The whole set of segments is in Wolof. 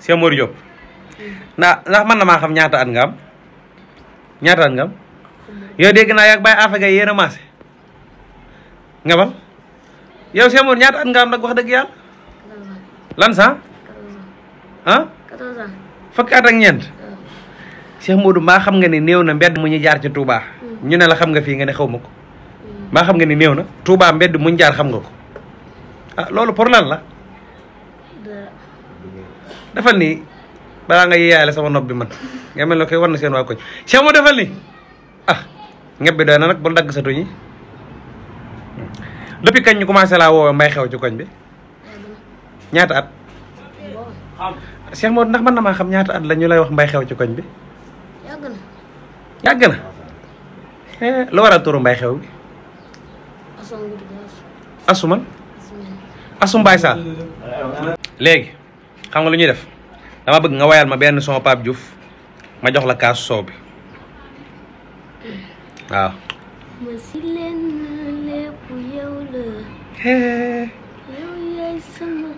Cheikh Mor Diop na ndax man dama xam ñaata at nga am ñaata at nga am yow dégg naa yàgg bàyyi affaire yéen a maase nga bal yow Cheikh Mor ñaata at nga am nag wax dëgg yàlla lan sa ah fukki at ak ñent Cheikh Modou ma xam nga ni néew na mbedd mu ñu jaar ci Touba ñu ne la xam nga fii nga ne xaw ma ko maa xam nga ni néew na Touba mbedd mu ñu jaar xam nga ko ah loolu pour lan la defal ni balaa nga yale sama nopp man nga mel ne koy war na seen waa koñ Cheikh Modou defal ni ah ñebe bi doy na nag bul dagg sa tuñ depuis kagn ni commencé la wowe may xew ci kagn bi ñaata at. Cheikh mod ndax man na ma xam ñaata at la ñu lay wax may xew ci kagn bi. yagna yagna lo eh, wara lu waral turu mbay xew bi. asuman asuman asum Mbaye Sall léegi xam nga lu ñuy def dama bëgg nga wayal ma benn son pap juuf ma jox la kaas soow bi waaw. ma si leen lépp yow la. yow yaay sama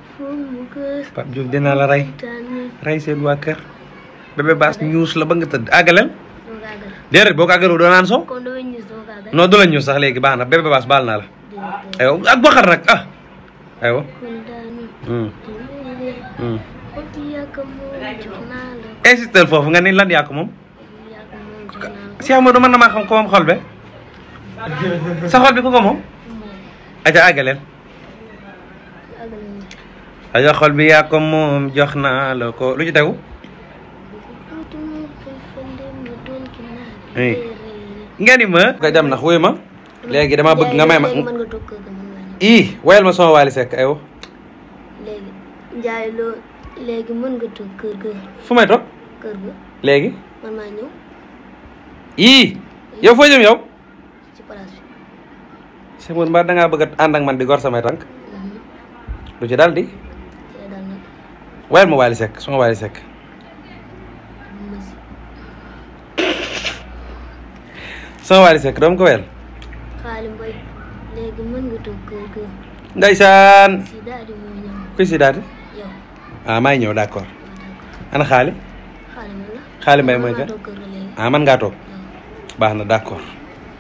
Diouf dinaa la rey rey seen waa kër. bébé baas ñuus la ba nga tëdd àggaleel. déedéet boo ko àggaloo doo naan soow. non du la ñuus sax léegi baax na bébé baas baal naa la. aywa ak waxal rek ah aywa insistel foofu nga ni lan yaa ko moom Cheikh Modou mën na maa xam ko moom xol be sa xol bi ku ko moom aja àggaleel aja xol bi yaa ko moom jox naa la ko lu ci tegu nga ni ma koy dem ndax ma Ndiaye loo léegi mën nga toog kër ga. fu may toog. kër ga léegi. man maa ñëw. yii yow foo jëm yow. ci place bi. sëñ bi da bëgg ak man di gor samay tànk. lu ci daal di. wayal ma Waly Seck suma Waly Seck. sama Waly Seck doom ko wayal. xaali mbay léegi mën nga kër ga. ah maa ñëw d'accord ana xaali. xaali mbay mooy kan ah, man ngaa toog baax na d'accord.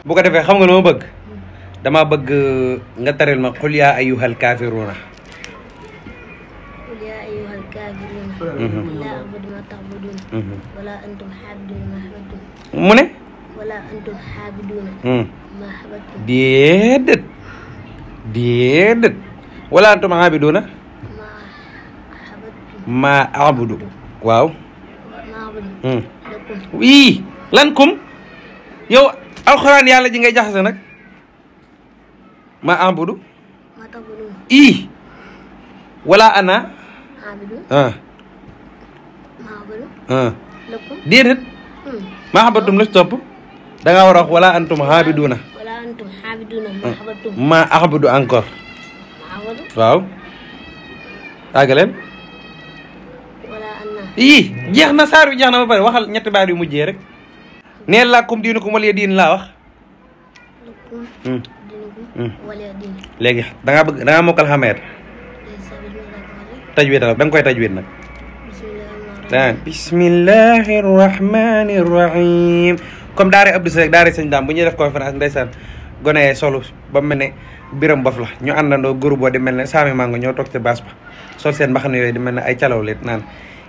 bu ko defee xam nga lu ma bëgg dama bëgg uh, nga taril ma qul yaa ayyuhal mhm. mhm. mu ne. wala antum aabiduuna. Hmm. maa wala antum aabiduuna. ma abudu waaw hmm. wi lan kum yow alquran yalla ji ngay jaxase nak ma abudu ih, wala ana ah abudu, ah ma habatum la topp da nga wala antum habiduna wala antum habiduna ma ma axabudu encore waaw tàggaleen ii jeex na saar wi jeex na ba pare waxal ñetti baar yu mujjee rek nee làkkum diinukum wala diin laa wax hmm. Hmm. léegi dangaa bëgg dangaa mokkal xameet tajwid la da nga koy tajwid nag daan bismillahi rahmani rahim comme daare abdou rek daare sëñ daam bu ñuy def conférence ndeysaan gone yee solu ba mel ne biram baf la ñu àndandoo groupe boo di mel ne saami mango ñoo toog ca baas ba sol seen mbaxana yooyu di mel ne ay calaw leet naan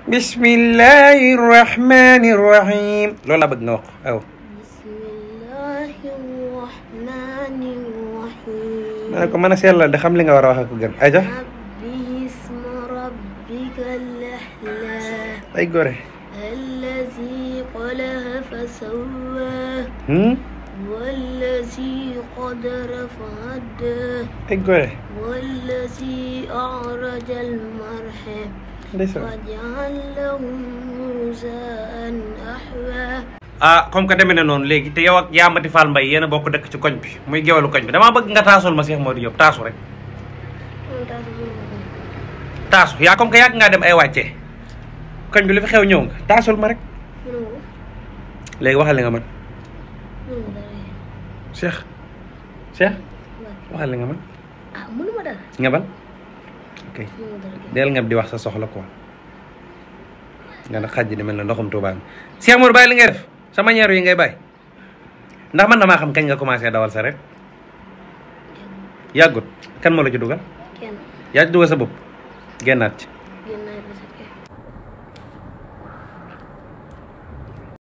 بسم الله الرحمن الرحيم لولا بدنوق أو بسم الله الرحمن الرحيم أنا كمان أسير الله دخم لنا وراها كجن أجا بسم اسم ربك الأحلى أي غوري الذي قلها فسواه والذي قدر فهداه أي غوري والذي أعرج المرحب ah comme que demee na noonu te yow ak yamati Fall mbay yena a bokk dëkk ci koñ bi muy géwalu koñ bi dama bëgg nga taasul ma Cheikh Modou yop taasu rek taasu ya comme que yak nga dem ay wacce koñ bi lu fi xew ñew nga taasul ma rek léegi waxal li nga man Cheikh Cheikh waxal li nga man ah mënuma dara nga ban ok del ngam di wax sa soxla quoi nga na di mel na ndoxum tuubaan Cheikh Mour bàyyi li ngay def sa manière yi ngay bàyyi ndax man damaa xam kañ nga commencé dawal sa rek kan mulai la ci dugal sebab, ci dugal